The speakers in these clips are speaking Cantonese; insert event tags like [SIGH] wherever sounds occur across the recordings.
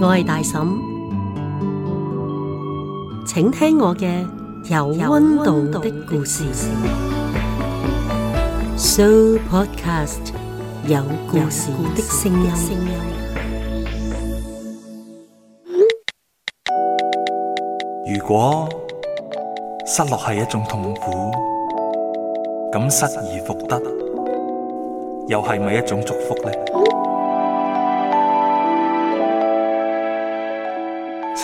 我係大嬸，請聽我嘅有溫度的故事。Show Podcast，有故事的聲音。如果失落係一種痛苦，咁失而復得，又係咪一種祝福呢？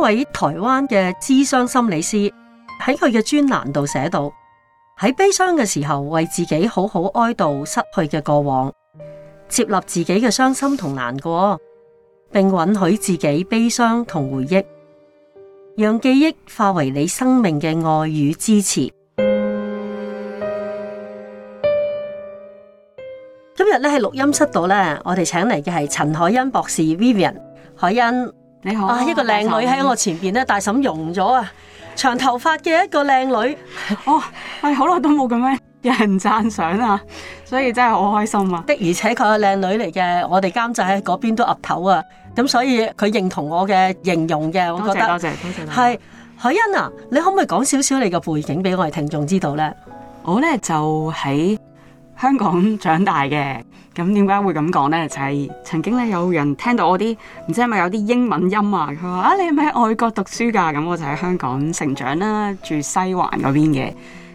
一位台灣嘅諮商心理師喺佢嘅專欄度寫到：喺悲傷嘅時候，為自己好好哀悼失去嘅過往，接納自己嘅傷心同難過，並允許自己悲傷同回憶，讓記憶化為你生命嘅愛與支持。 [MUSIC] 今日咧喺錄音室度咧，我哋請嚟嘅係陳海恩博士，Vivian 海恩）。你好啊！一個靚女喺嬸我前邊咧，大嬸融咗啊，長頭髮嘅一個靚女 [LAUGHS] 哦，係好耐都冇咁樣有人讚賞啊，所以真係好開心啊！ [LAUGHS] 的而且佢係靚女嚟嘅，我哋監製喺嗰邊都岌頭啊，咁所以佢認同我嘅形容嘅，謝我覺得多謝多謝多謝。係海是欣啊，你可唔可以講少少你嘅背景俾我哋聽眾知道咧？我咧就喺香港長大嘅。咁點解會咁講呢？就係、是、曾經咧有人聽到我啲唔知係咪有啲英文音啊！佢話啊，你係咪喺外國讀書噶？咁我就喺香港成長啦，住西環嗰邊嘅，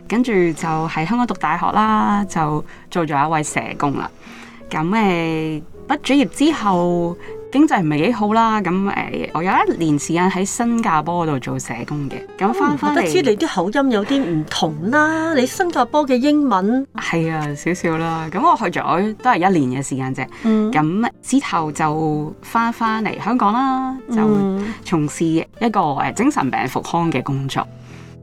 跟住就喺香港讀大學啦，就做咗一位社工啦。咁誒，畢咗業之後。經濟唔係幾好啦，咁誒，我有一年時間喺新加坡度做社工嘅，咁翻唔翻都知你啲口音有啲唔同啦，你新加坡嘅英文係啊，少少啦。咁我去咗都係一年嘅時間啫。咁、嗯、之後就翻翻嚟香港啦，就從事一個誒精神病復康嘅工作，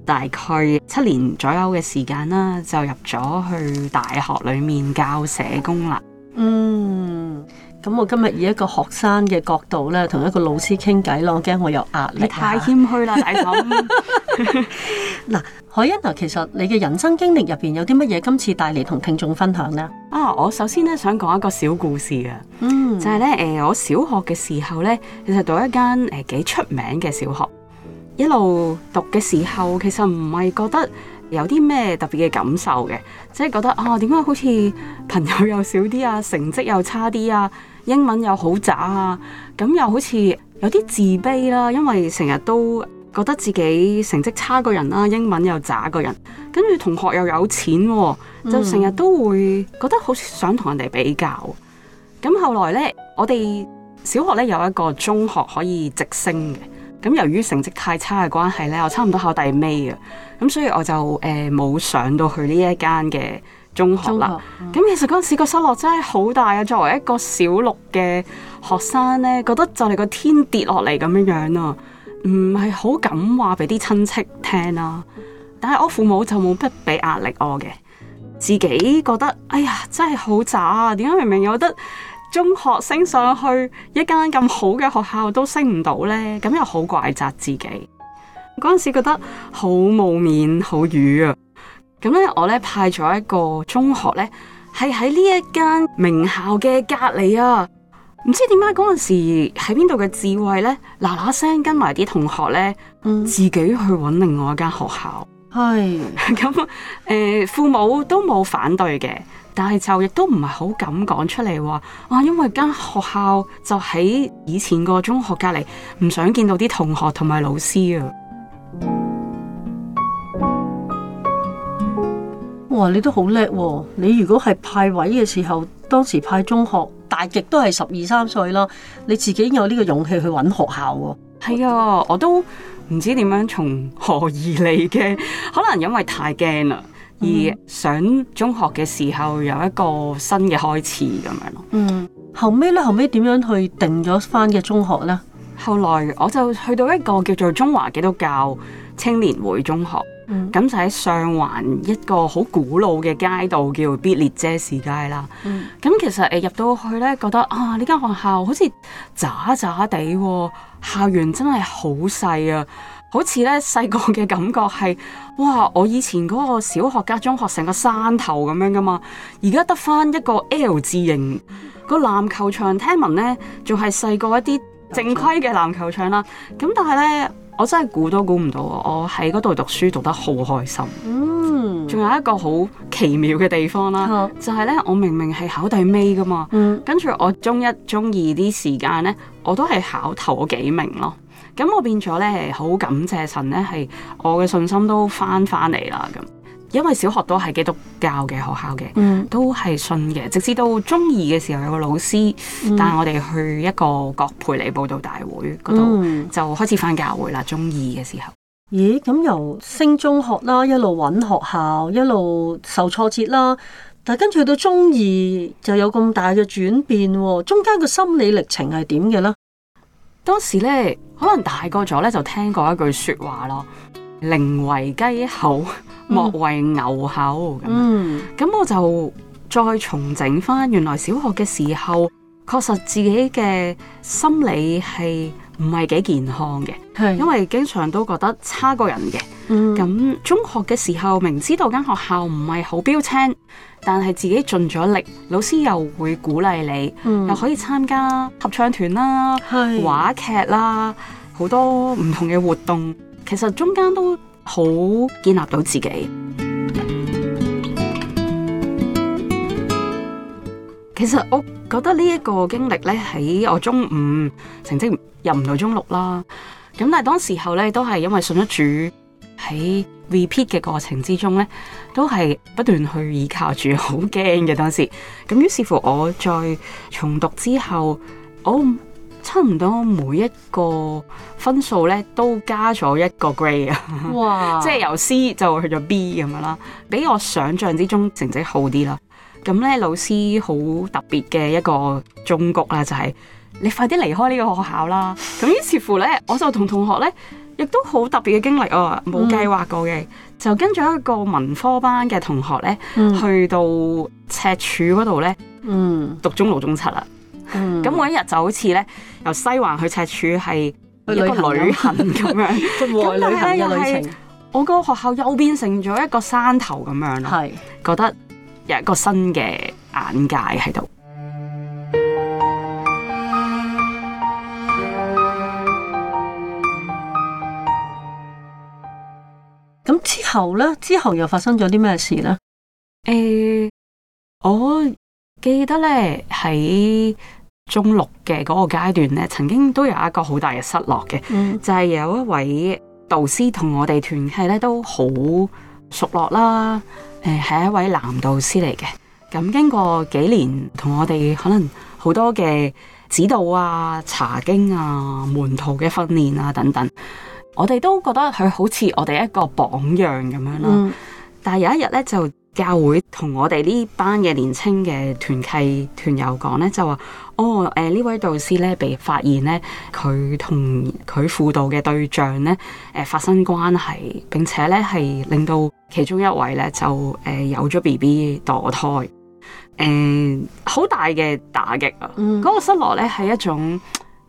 大概七年左右嘅時間啦，就入咗去大學裡面教社工啦。嗯。咁我今日以一個學生嘅角度咧，同一個老師傾偈咯，我驚我有壓力。你太謙虛啦，大嬸。嗱， [LAUGHS] [LAUGHS] 海欣啊，其實你嘅人生經歷入邊有啲乜嘢？今次帶嚟同聽眾分享呢？啊，我首先咧，想講一個小故事嘅。嗯，就係咧，誒，我小學嘅時候咧，其實讀一間誒幾出名嘅小學，一路讀嘅時候，其實唔係覺得有啲咩特別嘅感受嘅，即係覺得啊，點解好似朋友又少啲啊，成績又差啲啊？英文又好渣啊，咁又好似有啲自卑啦，因為成日都覺得自己成績差過人啦，英文又渣過人，跟住同學又有錢，就成日都會覺得好想同人哋比較。咁、嗯、後來呢，我哋小學呢有一個中學可以直升嘅，咁由於成績太差嘅關係呢，我差唔多考第尾啊，咁所以我就誒冇、呃、上到去呢一間嘅。中學啦，咁、嗯、其實嗰陣時個失落真係好大啊！作為一個小六嘅學生呢，覺得就係個天跌落嚟咁樣樣啊，唔係好敢話俾啲親戚聽啦、啊。但係我父母就冇不俾壓力我嘅，自己覺得哎呀，真係好渣啊！點解明明有得中學升上去一間咁好嘅學校都升唔到呢？咁又好怪責自己，嗰陣時覺得好冇面，好瘀啊！咁咧，我咧派咗一個中學咧，係喺呢一間名校嘅隔籬啊！唔知點解嗰陣時喺邊度嘅智慧咧，嗱嗱聲跟埋啲同學咧，嗯、自己去搵另外一間學校。係咁唉，誒、 [LAUGHS] 呃，父母都冇反對嘅，但係就亦都唔係好敢講出嚟話，啊，因為間學校就喺以前個中學隔籬，唔想見到啲同學同埋老師啊。哇！你都好叻喎！你如果係派位嘅時候，當時派中學，大極都係十二三歲啦，你自己有呢個勇氣去揾學校喎。哦。係啊，我都唔知點樣從何而嚟嘅，可能因為太驚啦，而上中學嘅時候有一個新嘅開始咁樣咯。嗯，後尾呢？後尾點樣去定咗翻嘅中學呢？後來我就去到一個叫做中華基督教青年會中學。咁、嗯、就喺上環一個好古老嘅街道，叫必列者士街啦。咁、嗯、其實誒入到去呢，覺得啊呢間學校好似渣渣地，校園真係好細啊！好似呢細個嘅感覺係，哇！我以前嗰個小學加中學成個山頭咁樣噶嘛，而家得翻一個 L 字形、個籃球場，聽聞呢仲係細過一啲正規嘅籃球場啦。咁但係呢。我真係估都估唔到，我喺嗰度讀書讀得好開心。嗯，仲有一個好奇妙嘅地方啦，oh. 就係咧，我明明係考第尾噶嘛，mm. 跟住我中一、中二啲時間咧，我都係考頭幾名咯。咁我變咗咧，好感謝神咧，係我嘅信心都翻翻嚟啦咁。因為小學都係基督教嘅學校嘅，嗯、都係信嘅。直至到中二嘅時候有個老師，嗯、帶我哋去一個葛培理佈道大會嗰度，嗯、就開始返教會啦。中二嘅時候，咦？咁、嗯、由升中學啦，一路揾學校，一路受挫折啦。但係跟住去到中二就有咁大嘅轉變，中間個心理歷程係點嘅呢？當時呢，可能大個咗呢，就聽過一句説話咯。寧為雞口，莫為牛口。咁、嗯，咁我就再重整翻。原來小學嘅時候，確實自己嘅心理係唔係幾健康嘅，是因為經常都覺得差過人嘅。咁、嗯、中學嘅時候，明知道間學校唔係好標青，但係自己盡咗力，老師又會鼓勵你，嗯、又可以參加合唱團啦、是話劇啦，好多唔同嘅活動。其實中間都好建立到自己。其實我覺得呢一個經歷咧，喺我中五成績入唔到中六啦。咁但係當時候咧，都係因為信咗主，喺 repeat 嘅過程之中咧，都係不斷去依靠住，好驚嘅當時。咁於是乎，我再重讀之後，我。差唔多每一個分數咧都加咗一個 grade 啊 [LAUGHS] 哇，即係由 C 就去咗 B 咁樣啦，比我想象之中成績好啲啦。咁咧老師好特別嘅一個忠告啦、就係，就係你快啲離開呢個學校啦。咁於是乎咧，我就同同學咧亦都好特別嘅經歷啊，冇計劃過嘅，嗯、就跟咗一個文科班嘅同學咧、嗯、去到赤柱嗰度咧，嗯，讀中六中七啦。咁我一日就好似咧，由西環去赤柱係一個旅行咁樣， [LAUGHS] 外旅行嘅旅程。 [LAUGHS] 我個學校又變成咗一個山頭咁樣咯，係是覺得有一個新嘅眼界喺度。咁 [MUSIC] 之後咧，之後又發生咗啲咩事咧？誒、欸，我記得咧喺。中六嘅嗰個階段咧，曾經都有一個好大嘅失落嘅，嗯、就係有一位導師同我哋團契咧都好熟絡啦。誒，係一位男導師嚟嘅。咁經過幾年同我哋可能好多嘅指導啊、查經啊、門徒嘅訓練啊等等，我哋都覺得佢好似我哋一個榜樣咁樣啦。嗯、但係有一日咧就。教會同我哋呢班嘅年青嘅團契團友講呢，就話哦，誒、呃、呢位導師呢，被發現呢，佢同佢輔導嘅對象呢誒、呃、發生關係，並且呢係令到其中一位呢就誒、呃、有咗 B B 墮胎，誒、呃、好大嘅打擊啊！嗰、嗯、個失落呢，係一種，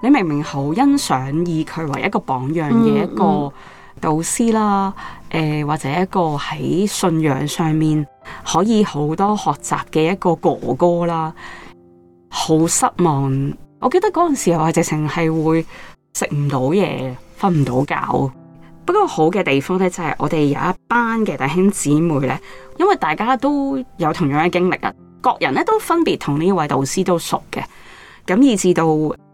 你明明好欣賞以佢為一個榜樣嘅一個。嗯嗯導師啦，誒、呃、或者一個喺信仰上面可以好多學習嘅一個哥哥啦，好失望。我記得嗰陣時候係直情係會食唔到嘢，瞓唔到覺。不過好嘅地方咧，就係、是、我哋有一班嘅弟兄姊妹咧，因為大家都有同樣嘅經歷啊，各人咧都分別同呢位導師都熟嘅，咁以至到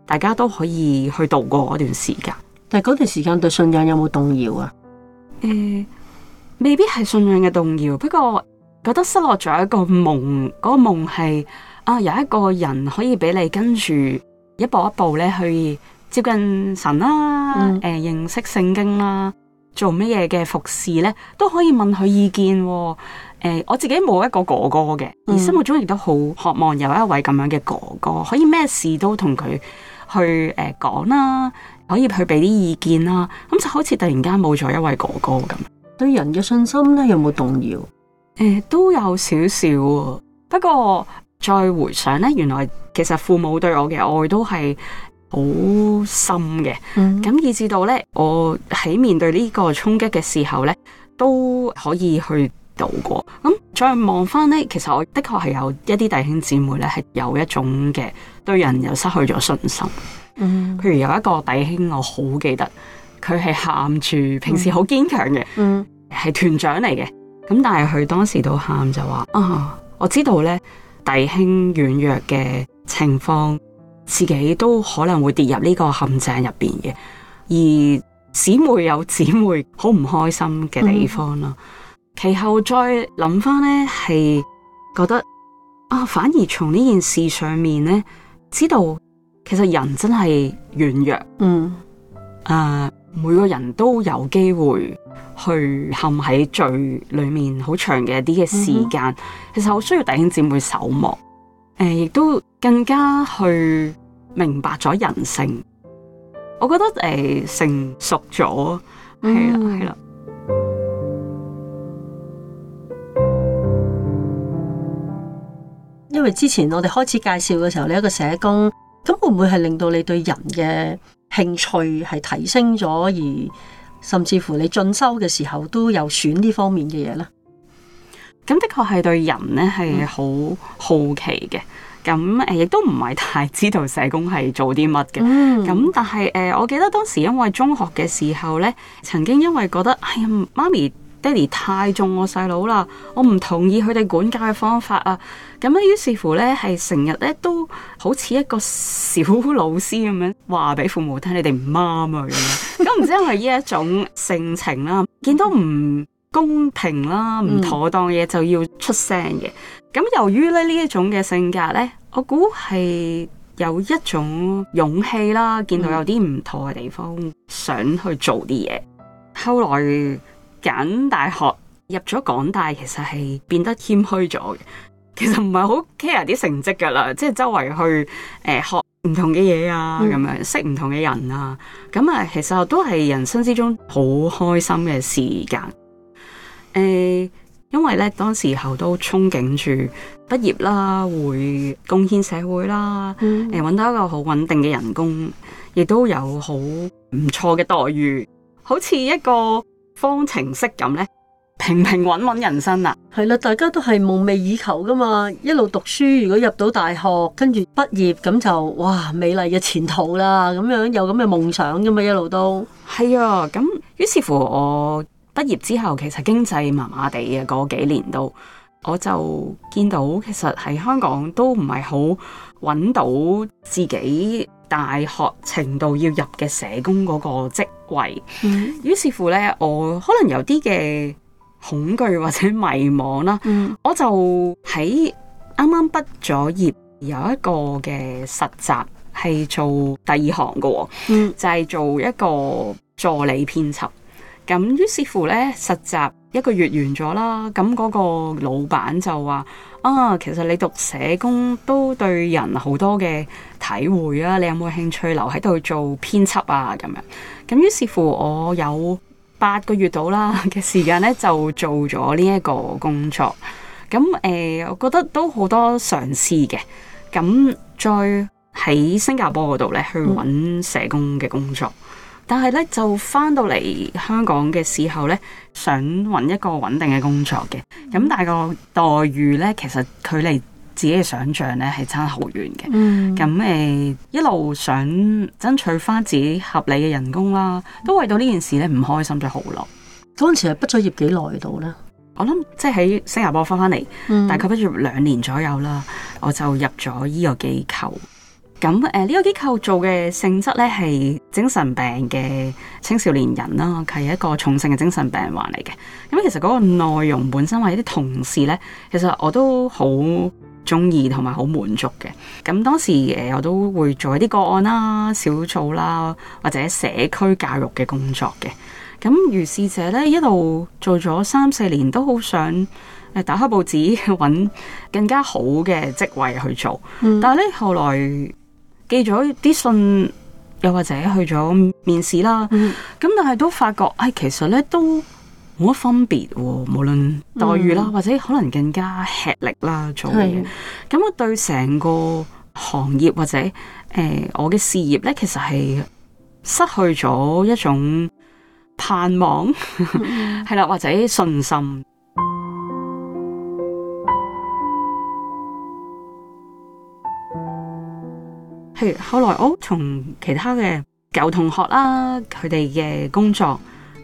大家都可以去度過嗰段時間。但係嗰段時間對信仰有冇動搖啊？誒、呃，未必係信仰嘅動搖，不過覺得失落咗一個夢，嗰、那個夢係啊，有一個人可以俾你跟住一步一步咧去接近神啦、啊，誒、嗯呃，認識聖經啦、啊，做乜嘢嘅服侍咧，都可以問佢意見、啊。誒、呃，我自己冇一個哥哥嘅，而生活中亦都好渴望有一位咁樣嘅哥哥，可以咩事都同佢去誒講、呃、啦。可以去俾啲意見啦，咁就好似突然間冇咗一位哥哥咁。對人嘅信心咧有冇動搖？誒、欸，都有少少，不過再回想咧，原來其實父母對我嘅愛都係好深嘅。咁、mm hmm. 以至到咧，我喺面對呢個衝擊嘅時候咧，都可以去度過。咁再望翻咧，其實我的確係有一啲弟兄姊妹咧，係有一種嘅對人又失去咗信心。譬如有一個弟兄，我好記得，佢係喊住，平時好堅強嘅，嗯、係團長嚟嘅。咁但係佢當時都喊就話、嗯、啊，我知道咧弟兄軟弱嘅情況，自己都可能會跌入呢個陷阱入邊嘅。而姊妹有姊妹好唔開心嘅地方啦。嗯、其後再諗翻呢，係覺得啊，反而從呢件事上面呢，知道。其實人真係軟弱，嗯，誒、啊，每個人都有機會去陷喺罪裏面好長嘅一啲嘅時間，嗯、哼其實好需要弟兄姊妹守望，誒、啊，亦都更加去明白咗人性，我覺得誒、啊、成熟咗，係啦係啦，啊啊、因為之前我哋開始介紹嘅時候，你一個社工。咁會唔會係令到你對人嘅興趣係提升咗，而甚至乎你進修嘅時候都有選呢方面嘅嘢咧？咁的確係對人咧，係好好奇嘅，咁誒亦都唔係太知道社工係做啲乜嘅，咁但係誒我記得當時因為中學嘅時候呢，曾經因為覺得哎呀媽咪。爹哋太重我細佬啦，我唔同意佢哋管教嘅方法啊。咁啊，於是乎呢，係成日呢都好似一個小老師咁樣話俾父母聽，你哋唔啱啊咁樣。咁唔 [LAUGHS] 知係因為呢一種性情啦？見到唔公平啦、唔妥當嘅嘢就要出聲嘅。咁由於咧呢一種嘅性格呢，我估係有一種勇氣啦。見到有啲唔妥嘅地方，想去做啲嘢。後來，揀大學入咗港大，其實係變得謙虛咗嘅。其實唔係好 care 啲成績噶啦，即係周圍去誒、呃、學唔同嘅嘢啊，咁樣識唔同嘅人啊。咁啊，其實都係人生之中好開心嘅時間。誒、欸，因為咧當時候都憧憬住畢業啦，會貢獻社會啦，誒、嗯，搵、欸、到一個好穩定嘅人工，亦都有好唔錯嘅待遇，好似一個。方程式咁呢，平平穩穩人生啦，係啦，大家都係夢寐以求噶嘛，一路讀書，如果入到大學，跟住畢業咁就哇，美麗嘅前途啦，咁樣有咁嘅夢想噶嘛，一路都係啊，咁於是乎我畢業之後，其實經濟麻麻地嘅嗰幾年都，我就見到其實喺香港都唔係好揾到自己大學程度要入嘅社工嗰個職位，於、嗯、是乎咧，我可能有啲嘅恐懼或者迷茫啦。嗯、我就喺啱啱畢咗業，有一個嘅實習係做第二行嘅，哦、嗯、就係做一個助理編輯。咁於是乎呢，實習一個月完咗啦，咁嗰個老闆就話啊，其實你讀社工都對人好多嘅體會啊，你有冇興趣留喺度做編輯啊？咁樣。咁於是乎，我有八個月到啦嘅時間咧，就做咗呢一個工作。咁誒、呃，我覺得都好多嘗試嘅。咁再喺新加坡嗰度咧，去揾社工嘅工作，但係咧就翻到嚟香港嘅時候咧，想揾一個穩定嘅工作嘅。咁但係個待遇咧，其實距離自己嘅想像咧，係差好遠嘅。咁誒、嗯、一路想爭取翻自己合理嘅人工啦，嗯、都為到呢件事咧唔開心，咗好耐。嗰陣時係畢咗業幾耐到咧？我諗即係喺新加坡翻翻嚟大概畢業兩年左右啦，嗯、我就入咗呢個機構。咁誒呢個機構做嘅性質咧係精神病嘅青少年人啦，係一個重症嘅精神病患嚟嘅。咁其實嗰個內容本身或者啲同事咧其實我都好。中意同埋好滿足嘅，咁當時誒，我都會做一啲個案啦，小組啦，或者社區教育嘅工作嘅。咁如是者呢，一路做咗三四年都，都好想誒打開報紙揾更加好嘅職位去做。嗯、但係呢，後來寄咗啲信，又或者去咗面試啦，咁、嗯、但係都發覺，誒、哎、其實呢都。冇乜分別喎，無論待遇啦，或者可能更加吃力啦、嗯，做嘢、嗯。咁我對成個行業或者誒、呃、我嘅事業咧，其實係失去咗一種盼望，係啦，或者信心。係 [MUSIC] 後來，我從其他嘅舊同學啦，佢哋嘅工作。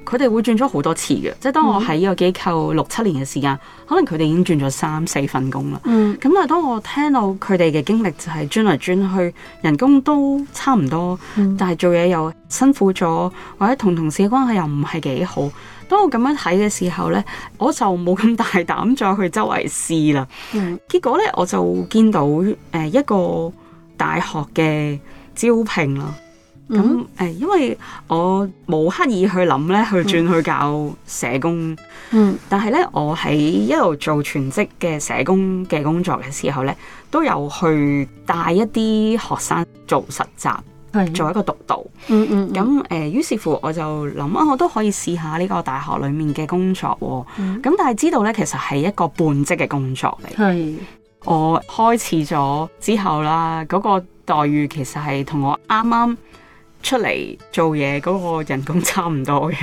佢哋會轉咗好多次嘅，即係當我喺呢個機構六七年嘅時間，可能佢哋已經轉咗三四份工啦。嗯、咁但係當我聽到佢哋嘅經歷就係轉嚟轉去，人工都差唔多，嗯、但係做嘢又辛苦咗，或者同同事嘅關係又唔係幾好。當我咁樣睇嘅時候呢，我就冇咁大膽再去周圍試啦。嗯、結果呢，我就見到誒一個大學嘅招聘啦。咁誒，嗯、因為我冇刻意去諗咧，去轉去教社工。嗯。但係咧，我喺一路做全職嘅社工嘅工作嘅時候咧，都有去帶一啲學生做實習，係的做一個督導。嗯，嗯嗯。咁誒，於、呃、是乎我就諗啊，我都可以試下呢個大學裏面嘅工作、哦。嗯。咁但係知道咧，其實係一個半職嘅工作嚟。係的。我開始咗之後啦，嗰、那個待遇其實係同我啱啱出嚟做嘢嗰個人工差唔多嘅，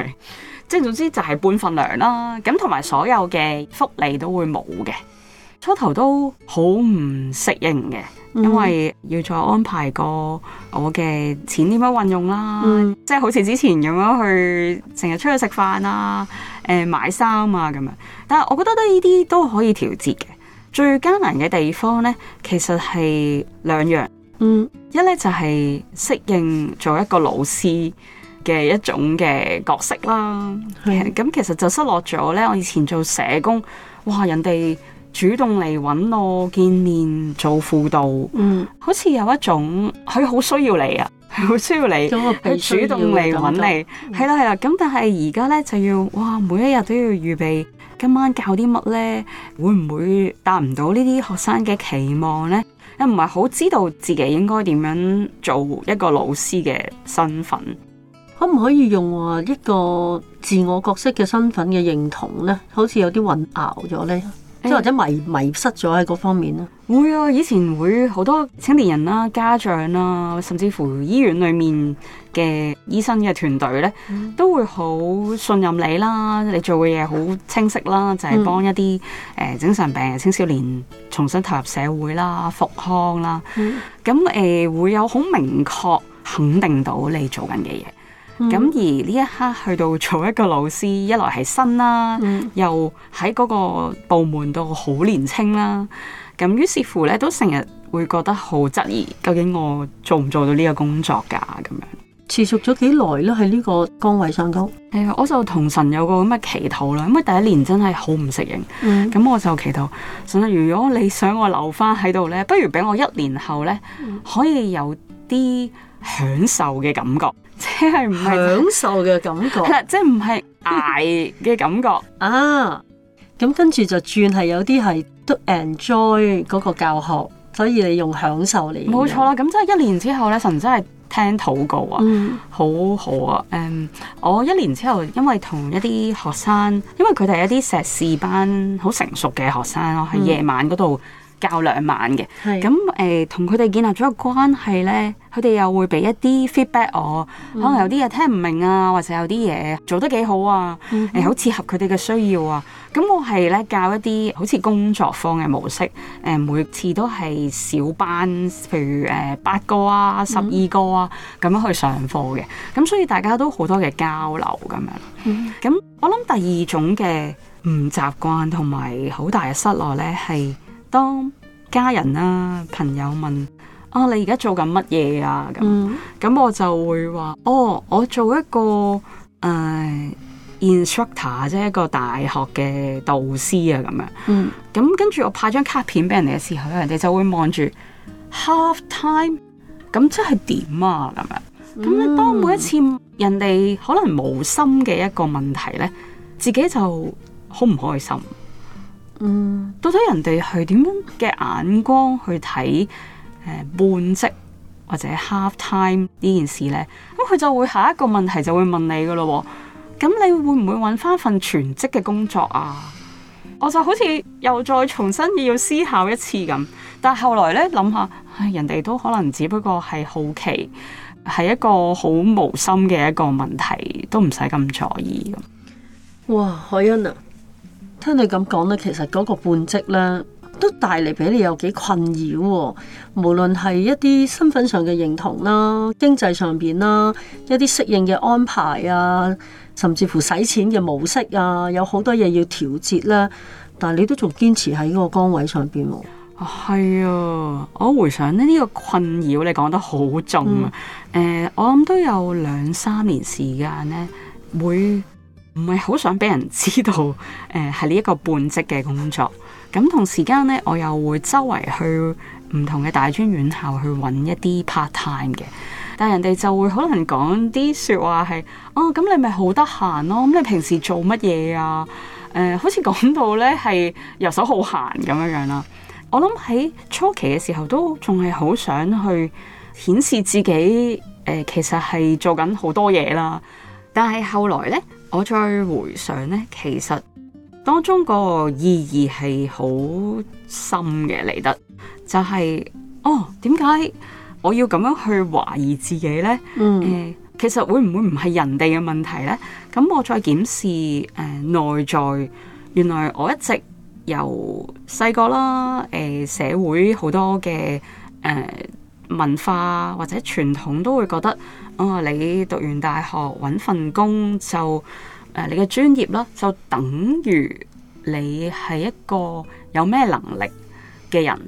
即係總之就係半份糧啦。咁同埋所有嘅福利都會冇嘅，初頭都好唔適應嘅，因為要再安排過我嘅錢點樣運用啦，即係、嗯、好似之前咁樣去成日出去食飯啊、誒、呃、買衫啊咁樣。但係我覺得都呢啲都可以調節嘅。最艱難嘅地方呢，其實係兩樣。嗯，一咧就係適應做一個老師嘅一種嘅角色啦。係，咁其實就失落咗咧。我以前做社工，哇，人哋主動嚟搵我見面做輔導，嗯，好似有一種佢好需要你啊，佢好需要你，係，佢主動嚟搵你，係啦係啦。咁但係而家咧就要，哇，每一日都要預備今晚教啲乜咧，會唔會達唔到呢啲學生嘅期望咧？又唔係好知道自己應該點樣做一個老師嘅身份，可唔可以用話一個自我角色嘅身份嘅認同呢？好似有啲混淆咗呢。即或者迷迷失咗喺嗰方面咯，會啊！以前會好多青年人啦，啊、家長啦、啊，甚至乎醫院裏面嘅醫生嘅團隊咧，嗯、都會好信任你啦，你做嘅嘢好清晰啦，就係、是、幫一啲誒精神病嘅青少年重新投入社會啦、復康啦，咁誒、嗯、呃、會有好明確肯定到你做緊嘅嘢。咁、嗯、而呢一刻去到做一個老師，一來係新啦，嗯、又喺嗰個部門度好年青啦。咁於是乎咧，都成日會覺得好質疑，究竟我做唔做到呢個工作㗎？咁樣持續咗幾耐咧？喺呢個崗位上高，誒、嗯，我就同神有個咁嘅祈禱啦。咁啊，第一年真係好唔適應。咁、嗯、我就祈禱神，如果你想我留翻喺度咧，不如俾我一年後咧，可以有啲享受嘅感覺。即係唔係享受嘅感覺， [LAUGHS] 即係唔係挨嘅感覺啊！咁跟住就轉係有啲係都 enjoy 嗰個教學，所以你用享受嚟。冇錯啦，咁即係一年之後咧，神真係聽禱告啊，好、嗯、好啊！誒，um, 我一年之後，因為同一啲學生，因為佢哋係一啲碩士班好成熟嘅學生咯，喺夜、嗯、晚嗰度。教兩晚嘅咁誒，同佢哋建立咗個關係呢，佢哋又會俾一啲 feedback 我，可能有啲嘢聽唔明啊，或者有啲嘢做得幾好啊，誒、嗯哼嗯、好似合佢哋嘅需要啊。咁、嗯、我係呢教一啲好似工作坊嘅模式，誒、呃、每次都係小班，譬如誒八、呃、個啊、十二個啊咁、嗯、樣去上課嘅。咁所以大家都好多嘅交流咁樣。咁、嗯、哼我諗第二種嘅唔習慣同埋好大嘅失落呢係。當家人啊、啊，朋友問啊，你而家做緊乜嘢啊？咁咁、mm hmm. 我就會話，哦，我做一個誒、呃、instructor，即係一個大學嘅導師啊，咁樣。咁、mm hmm. 跟住我派張卡片俾人哋嘅時候咧，人哋就會望住 half time，咁即係點啊？咁樣咁咧，你當每一次人哋可能無心嘅一個問題咧，自己就好唔開心。嗯，到底人哋係點樣嘅眼光去睇誒、呃、半職或者 half time 呢件事呢？咁佢就會下一個問題就會問你噶咯，咁你會唔會揾翻份全職嘅工作啊？我就好似又再重新要思考一次咁，但係後來咧諗下，想想哎、人哋都可能只不過係好奇，係一個好無心嘅一個問題，都唔使咁在意。哇，海欣啊！聽你咁講咧，其實嗰個半職咧都帶嚟，俾你有幾困擾、哦，無論係一啲身份上嘅認同啦、經濟上邊啦、一啲適應嘅安排啊，甚至乎使錢嘅模式啊，有好多嘢要調節啦。但係你都仲堅持喺個崗位上邊、哦。係啊，我回想咧呢個困擾，你講得好重啊。誒、嗯呃，我諗都有兩三年時間咧，每。唔係好想俾人知道，誒係呢一個半職嘅工作。咁同時間呢，我又會周圍去唔同嘅大專院校去揾一啲 part time 嘅。但人哋就會可能講啲說話係，哦咁你咪好得閒咯。咁你平時做乜嘢啊？誒、呃，好似講到呢係遊手好閒咁樣樣啦。我諗喺初期嘅時候都仲係好想去顯示自己，誒、呃、其實係做緊好多嘢啦。但係後來呢……我再回想呢，其實當中個意義係好深嘅嚟得，就係、是、哦點解我要咁樣去懷疑自己呢？誒、呃，其實會唔會唔係人哋嘅問題呢？咁我再檢視誒內、呃、在，原來我一直由細個啦，誒、呃、社會好多嘅誒、呃、文化或者傳統都會覺得。你讀完大學揾份工就誒、呃，你嘅專業啦，就等於你係一個有咩能力嘅人，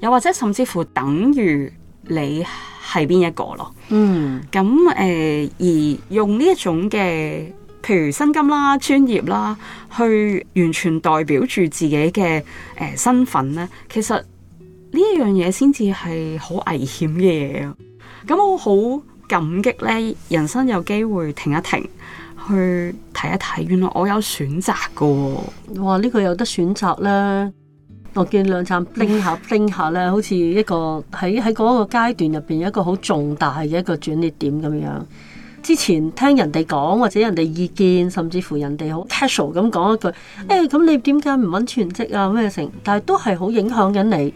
又或者甚至乎等於你係邊一個咯。嗯，咁、呃、誒，而用呢一種嘅，譬如薪金啦、專業啦，去完全代表住自己嘅誒、呃、身份呢，其實呢一樣嘢先至係好危險嘅嘢啊！咁我好。感激咧，人生有機會停一停，去睇一睇，原來我有選擇嘅、哦。哇！呢、呢個有得選擇咧，我見兩站，冰 [LAUGHS] 下冰下咧，好似一個喺喺嗰個階段入邊一個好重大嘅一個轉捩點咁樣。之前聽人哋講或者人哋意見，甚至乎人哋好 casual 咁講一句，誒、哎、咁你點解唔揾全職啊？咩成？但係都係好影響緊你，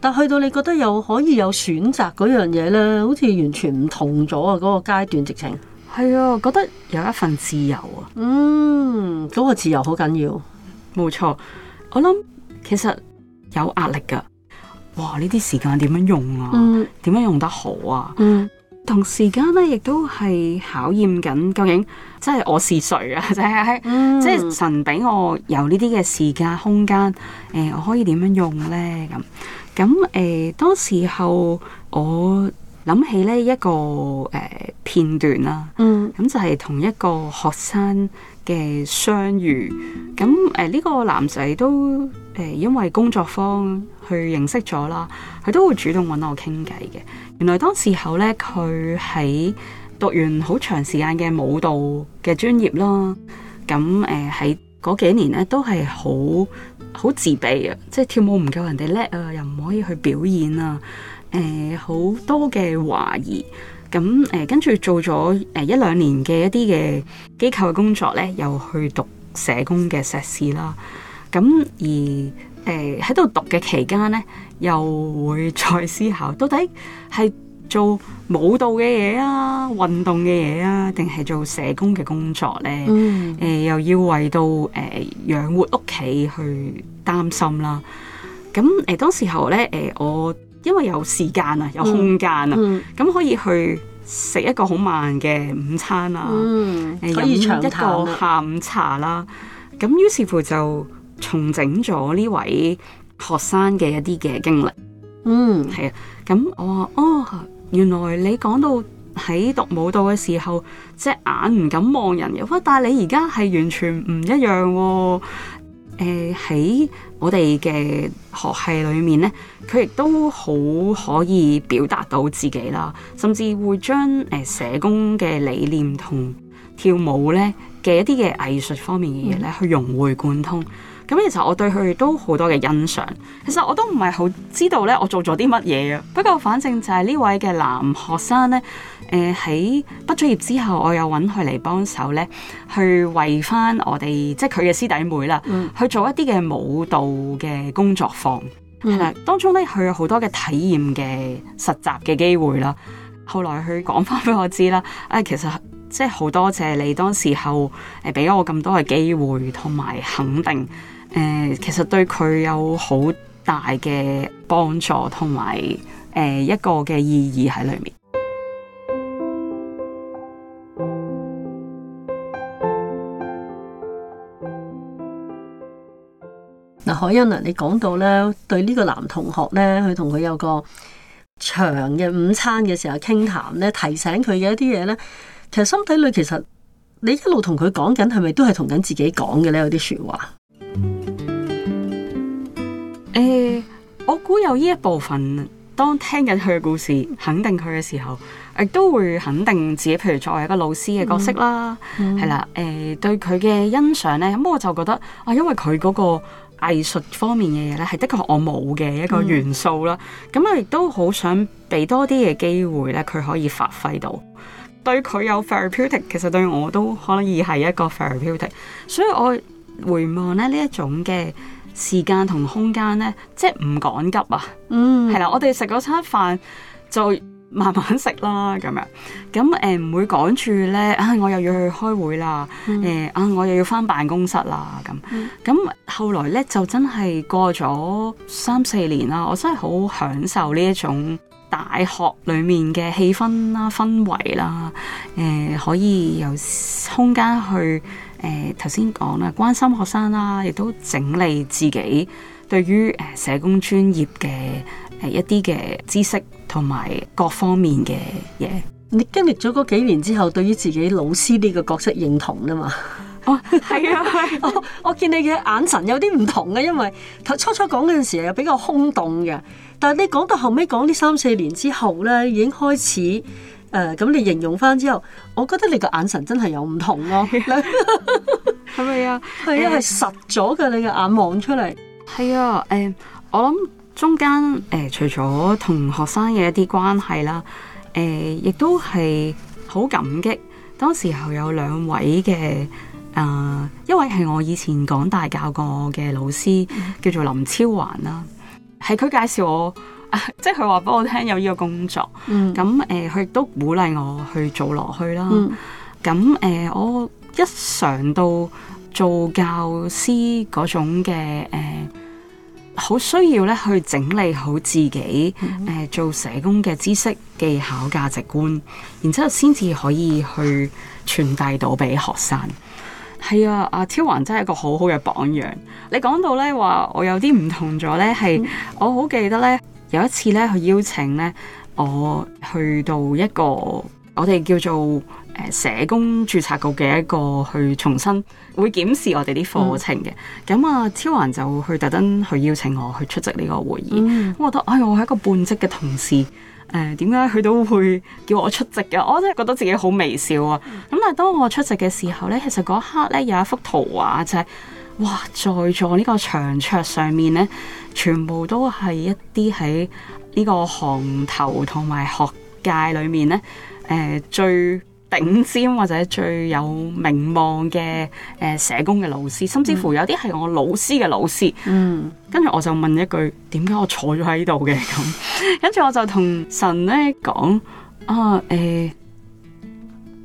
但去到你覺得又可以有選擇嗰樣嘢咧，好似完全唔同咗啊！嗰、嗰個階段直情係啊，覺得有一份自由啊，嗯，嗰個自由好緊要，冇錯。我諗其實有壓力㗎，哇！呢啲時間點樣用啊？點、嗯、樣用得好啊？嗯，同時間咧亦都係考驗緊究竟即係我是誰啊？ [LAUGHS] 就是嗯、即係即係神俾我有呢啲嘅時間空間，誒、呃，我可以點樣用咧？咁、嗯。咁誒、呃，當時候我諗起呢一個誒、呃、片段啦，咁、嗯、就係同一個學生嘅相遇。咁誒，呢、呃這個男仔都誒、呃，因為工作坊去認識咗啦，佢都會主動揾我傾偈嘅。原來當時候呢，佢喺讀完好長時間嘅舞蹈嘅專業啦。咁誒，喺、呃、嗰幾年呢，都係好。好自卑啊！即係跳舞唔夠人哋叻啊，又唔可以去表演啊！誒、呃，好多嘅懷疑咁誒，跟住、呃、做咗誒一兩年嘅一啲嘅機構嘅工作咧，又去讀社工嘅碩士啦。咁而誒喺度讀嘅期間咧，又會再思考到底係。做舞蹈嘅嘢啊，運動嘅嘢啊，定係做社工嘅工作咧？誒、嗯呃，又要為到誒養、呃、活屋企去擔心啦。咁誒、呃，當時候咧，誒、呃，我因為有時間啊，有空間啊，咁、嗯嗯、可以去食一個好慢嘅午餐啊，飲、嗯呃、一個下午茶啦。咁於、嗯、是乎就重整咗呢位學生嘅一啲嘅經歷。嗯，係啊的。咁我話哦。原來你講到喺讀舞蹈嘅時候，隻眼唔敢望人嘅，但係你而家係完全唔一樣喎。哦，呃，喺我哋嘅學系裏面呢，佢亦都好可以表達到自己啦，甚至會將誒社工嘅理念同跳舞呢嘅一啲嘅藝術方面嘅嘢呢去融會貫通。咁其實我對佢都好多嘅欣賞。其實我都唔係好知道咧，我做咗啲乜嘢啊。不過反正就係呢位嘅男學生咧，誒、呃、喺畢咗業之後，我又揾佢嚟幫手咧，去為翻我哋即係佢嘅師弟妹啦，嗯、去做一啲嘅舞蹈嘅工作坊。嗱、嗯，當中咧佢有好多嘅體驗嘅實習嘅機會啦。後來佢講翻俾我知啦，啊、哎、其實即係好多謝你當時候誒俾咗我咁多嘅機會同埋肯定。誒，其實對佢有好大嘅幫助，同埋誒一個嘅意義喺裏面。嗱海欣啊，你講到咧，對呢個男同學咧，佢同佢有個長嘅午餐嘅時候傾談咧，提醒佢嘅一啲嘢咧，其實心底裏其實你一路同佢講緊，係咪都係同緊自己講嘅咧？有啲説話。我估有呢一部分，當聽緊佢嘅故事，肯定佢嘅時候，亦都會肯定自己，譬如作為一個老師嘅角色啦，係、嗯嗯、啦，誒、欸，對佢嘅欣賞呢，咁我就覺得啊，因為佢嗰個藝術方面嘅嘢呢，係的確我冇嘅一個元素啦，咁、嗯、我亦都好想俾多啲嘅機會呢，佢可以發揮到，對佢有 therapeutic，其實對我都可能係一個 therapeutic，所以我回望呢一種嘅。時間同空間呢，即係唔趕急啊，係啦、嗯，我哋食嗰餐飯就慢慢食啦，咁樣咁誒，唔、呃、會趕住呢，我又要去開會啦，誒、嗯呃、啊，我又要翻辦公室啦，咁咁、嗯、後來呢就真係過咗三四年啦，我真係好享受呢一種大學裏面嘅氣氛啦、氛圍啦，誒、呃，可以有空間去。誒頭先講啦，關心學生啦、啊，亦都整理自己對於誒社工專業嘅誒一啲嘅知識同埋各方面嘅嘢。你經歷咗嗰幾年之後，對於自己老師呢個角色認同啊嘛？哦，係 [LAUGHS] 啊， [LAUGHS] 我我見你嘅眼神有啲唔同啊，因為初初講嗰陣時又比較空洞嘅，但係你講到後尾講呢三四年之後咧，已經開始。誒，咁、呃、你形容翻之後，我覺得你個眼神真係有唔同咯，係咪啊？係啊，係實咗嘅你嘅眼望出嚟。係啊，誒，我諗中間誒、呃，除咗同學生嘅一啲關係啦，誒、呃，亦都係好感激當時候有兩位嘅，啊、呃，一位係我以前講大教過嘅老師，嗯、叫做林超環啦，係佢介紹我。啊、即係佢話俾我聽有呢個工作，咁誒、嗯，佢亦都鼓勵我去做落去啦。咁、啊、誒、啊，我一上到做教師嗰種嘅誒，好、啊、需要咧去整理好自己，誒、啊，做社工嘅知識、技巧、價值觀，然之後先至可以去傳遞到俾學生。係啊，阿、啊、超環真係一個好好嘅榜樣。你講到咧話，我有啲唔同咗咧，係我好記得咧。有一次咧，佢邀請咧我去到一個我哋叫做誒社工註冊局嘅一個去重新會檢視我哋啲課程嘅。咁啊、嗯，超環就去特登去邀請我去出席呢個會議。嗯、我覺得，哎，我係一個半職嘅同事，誒點解佢都會叫我出席嘅？我真係覺得自己好微笑啊、哦！咁但係當我出席嘅時候咧，其實嗰刻咧有一幅圖畫就係、是。哇！在座呢個長桌上面呢，全部都係一啲喺呢個行頭同埋學界裏面呢誒、呃、最頂尖或者最有名望嘅誒、呃、社工嘅老師，甚至乎有啲係我老師嘅老師。嗯，跟住我就問一句：點解我坐咗喺度嘅？咁跟住我就同神咧講啊誒。欸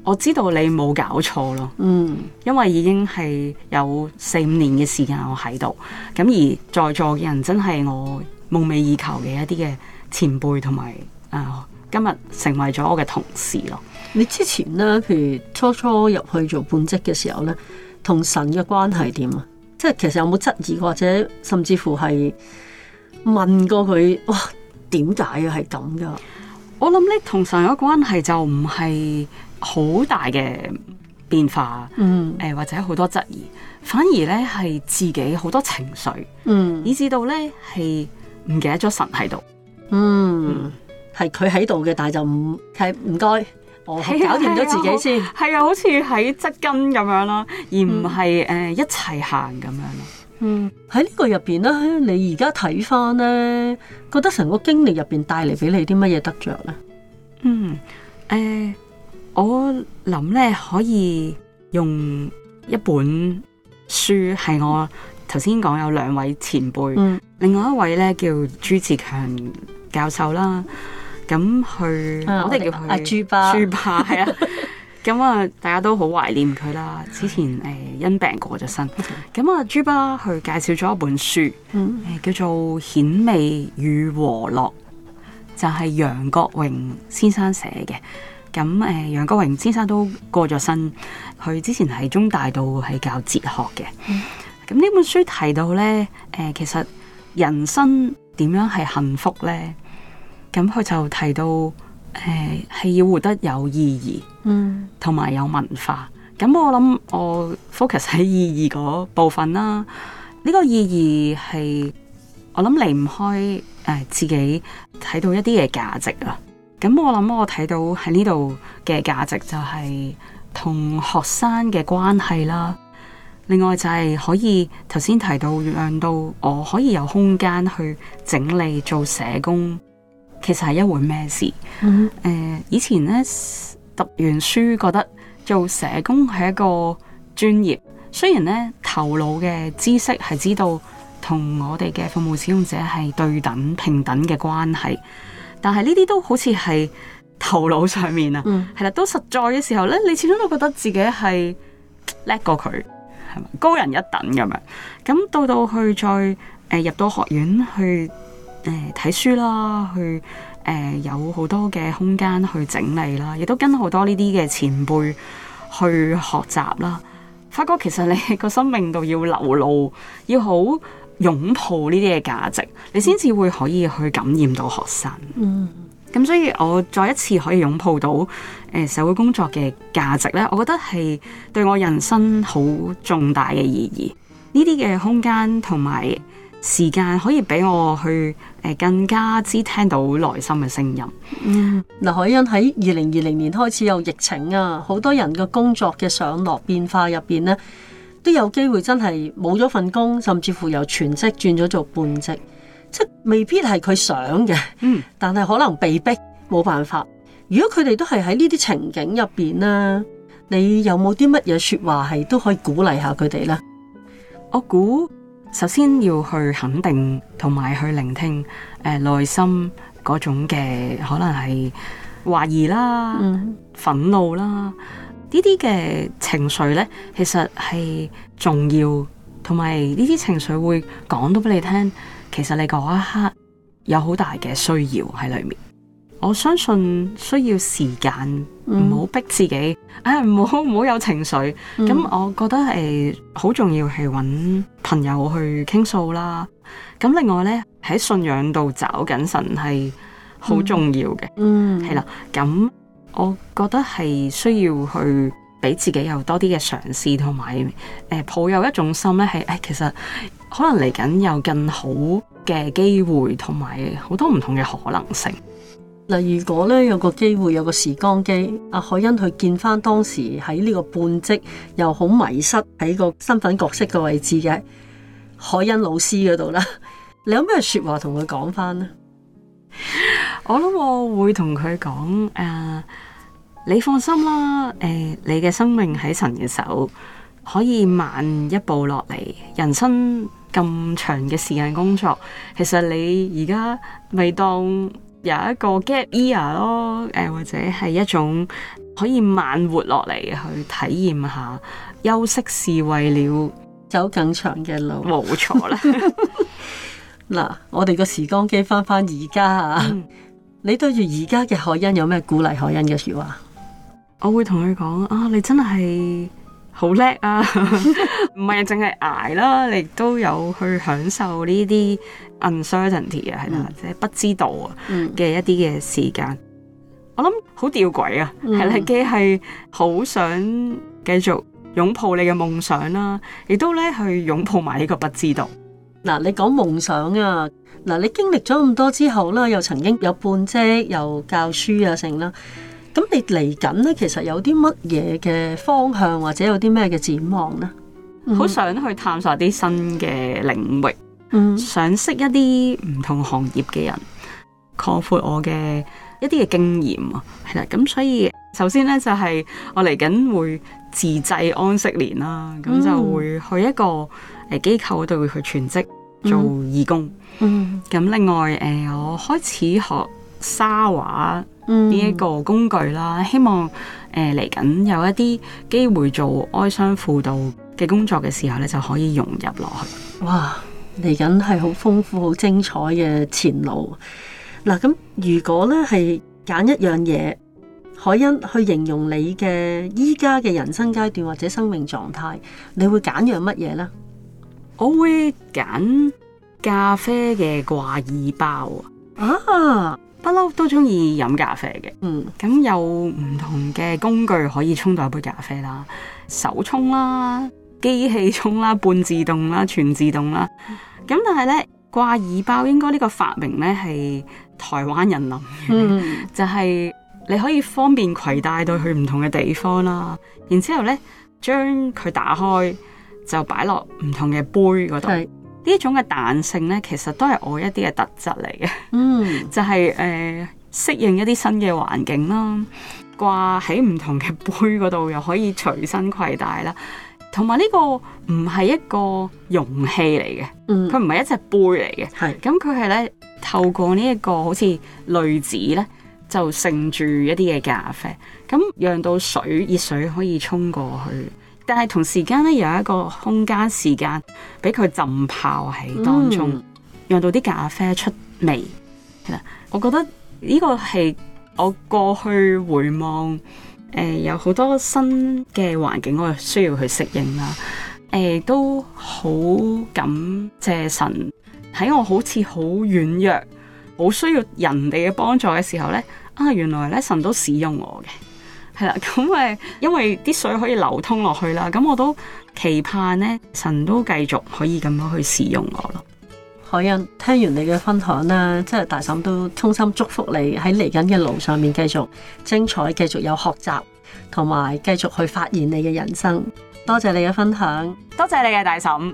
我知道你冇搞錯咯，嗯，因為已經係有四五年嘅時間我喺度，咁而在座嘅人真係我夢寐以求嘅一啲嘅前輩，同埋誒今日成為咗我嘅同事咯。你之前咧，譬如初初入去做半職嘅時候咧，同神嘅關係點啊？即係其實有冇質疑或者甚至乎係問過佢哇？點解啊？係咁噶？我諗你同神嘅關係就唔係。好大嘅變化，嗯，誒，或者好多質疑，反而咧係自己好多情緒，嗯，以至到咧係唔記得咗神喺度，嗯，係佢喺度嘅，但係就唔係唔該，我搞掂咗自己先，係啊，好似喺紮根咁樣咯，而唔係誒一齊行咁樣咯，嗯，喺呢個入邊咧，你而家睇翻咧，覺得成個經歷入邊帶嚟俾你啲乜嘢得着咧？嗯，誒、呃。我諗咧可以用一本書，係我頭先講有兩位前輩，嗯、另外一位咧叫朱自強教授啦。咁佢，啊、我哋叫佢阿朱、啊、巴，朱巴係啊。咁啊，大家都好懷念佢啦。之前誒、呃、因病過咗身。咁、嗯、啊，朱巴佢介紹咗一本書，嗯、叫做《顯微與和樂》，就係、是、楊國榮先生寫嘅。咁誒，楊國榮先生都過咗身，佢之前喺中大度係教哲學嘅。咁呢本書提到咧，誒、呃，其實人生點樣係幸福咧？咁佢就提到，誒、呃，係要活得有意義，嗯，同埋有文化。咁我諗我 focus 喺意義嗰部分啦。呢、這個意義係我諗離唔開誒自己睇到一啲嘅價值啊。咁我諗，我睇到喺呢度嘅價值就係同學生嘅關係啦。另外就係可以頭先提到，讓到我可以有空間去整理做社工，其實係一回咩事？mm hmm. 呃，以前咧讀完書，覺得做社工係一個專業。雖然咧頭腦嘅知識係知道同我哋嘅服務使用者係對等平等嘅關係。但係呢啲都好似係頭腦上面啊，係啦，嗯，都實在嘅時候呢，你始終都覺得自己係叻過佢，係嘛？高人一等咁樣。咁到到去再誒、呃、入到學院去睇、呃、書啦，去誒、呃、有好多嘅空間去整理啦，亦都跟好多呢啲嘅前輩去學習啦，發覺其實你個生命度要流露，要好。擁抱呢啲嘅價值，你先至會可以去感染到學生。嗯，咁所以我再一次可以擁抱到誒、呃、社會工作嘅價值呢，我覺得係對我人生好重大嘅意義。呢啲嘅空間同埋時間可以俾我去誒、呃、更加之聽到內心嘅聲音。嗯，嗱，海欣喺二零二零年開始有疫情啊，好多人嘅工作嘅上落變化入邊咧，都有機會真係冇咗份工，甚至乎由全職轉咗做半職，即係未必係佢想嘅。嗯，但係可能被逼冇辦法。如果佢哋都係喺呢啲情景入邊啦，你有冇啲乜嘢説話係都可以鼓勵下佢哋呢？我估首先要去肯定同埋去聆聽，誒，內心嗰種嘅可能係懷疑啦、憤怒啦。呢啲嘅情緒呢，其實係重要，同埋呢啲情緒會講到俾你聽。其實你嗰一刻有好大嘅需要喺裏面。我相信需要時間，唔好、嗯、逼自己，啊，唔好唔好有情緒。咁、嗯、我覺得係好、欸、重要，係揾朋友去傾訴啦。咁另外呢，喺信仰度找緊神係好重要嘅、嗯。嗯，係啦，咁。我覺得係需要去俾自己有多啲嘅嘗試，同埋誒抱有一種心咧，係、哎、誒其實可能嚟緊有更好嘅機會，同埋好多唔同嘅可能性。嗱，如果咧有個機會，有個時光機，阿、啊、海欣去見翻當時喺呢個半職又好迷失喺個身份角色嘅位置嘅海欣老師嗰度啦， [LAUGHS] 你有咩說話同佢講翻咧？我諗我會同佢講誒。呃你放心啦，誒、哎，你嘅生命喺神嘅手，可以慢一步落嚟。人生咁長嘅時間工作，其實你而家咪當有一個 gap year 咯，誒，或者係一種可以慢活落嚟去體驗下，休息是為了走更長嘅路，冇錯啦。嗱， [LAUGHS] [LAUGHS] 我哋個時光機翻翻而家啊，嗯、你對住而家嘅海欣有咩鼓勵海欣嘅說話？我會同佢講啊，你真係好叻啊！唔係淨係捱啦，你都有去享受呢啲 uncertainty 啊、嗯，係啦，即係不知道啊嘅一啲嘅時間。嗯、我諗好吊詭啊，係啦，即係好想繼續擁抱你嘅夢想啦、啊，亦都咧去擁抱埋呢個不知道。嗱、嗯，嗯、你講夢想啊，嗱、嗯，你經歷咗咁多之後啦，又曾經有半職，又教書啊，剩啦。咁你嚟緊咧，其實有啲乜嘢嘅方向或者有啲咩嘅展望呢？好想去探索啲新嘅領域，嗯，想識一啲唔同行業嘅人，擴闊我嘅一啲嘅經驗啊。係啦，咁所以首先呢，就係、是、我嚟緊會自製安息年啦，咁就會去一個誒機構度會去全職做義工，嗯、咁、嗯、另外誒我開始學沙畫。呢一、嗯、個工具啦，希望誒嚟緊有一啲機會做哀傷輔導嘅工作嘅時候咧，就可以融入落去。哇，嚟緊係好豐富、好精彩嘅前路。嗱、啊，咁如果咧係揀一樣嘢，海欣去形容你嘅依家嘅人生階段或者生命狀態，你會揀樣乜嘢呢？我會揀咖啡嘅掛耳包啊！不嬲都中意飲咖啡嘅，咁、嗯、有唔同嘅工具可以沖到一杯咖啡啦，手沖啦、機器沖啦、半自動啦、全自動啦。咁但係咧掛耳包，應該呢個發明咧係台灣人諗嘅，嗯、就係你可以方便攜帶到去唔同嘅地方啦。然之後咧將佢打開就擺落唔同嘅杯嗰度。呢一種嘅彈性咧，其實都係我一啲嘅特質嚟嘅。嗯，就係、是、誒、呃、適應一啲新嘅環境啦。掛喺唔同嘅杯嗰度又可以隨身攜帶啦。同埋呢個唔係一個容器嚟嘅，嗯，佢唔係一隻杯嚟嘅，係是。咁佢係咧透過、這個、呢一個好似濾紙咧，就盛住一啲嘅咖啡，咁讓到水熱水可以沖過去。但係同時間咧，有一個空間時間俾佢浸泡喺當中，嗯、讓到啲咖啡出味。我覺得呢個係我過去回望，誒、呃、有好多新嘅環境，我需要去適應啦。誒、呃，都好感謝神喺我好似好軟弱、好需要人哋嘅幫助嘅時候咧，啊，原來咧神都使用我嘅。係啦，咁咪 [NOISE] 因為啲水可以流通落去啦，咁我都期盼咧，神都繼續可以咁樣去使用我咯。海欣聽完你嘅分享啦，即係大嬸都衷心祝福你喺嚟緊嘅路上面繼續精彩，繼續有學習，同埋繼續去發現你嘅人生。多謝你嘅分享，多謝你嘅大嬸。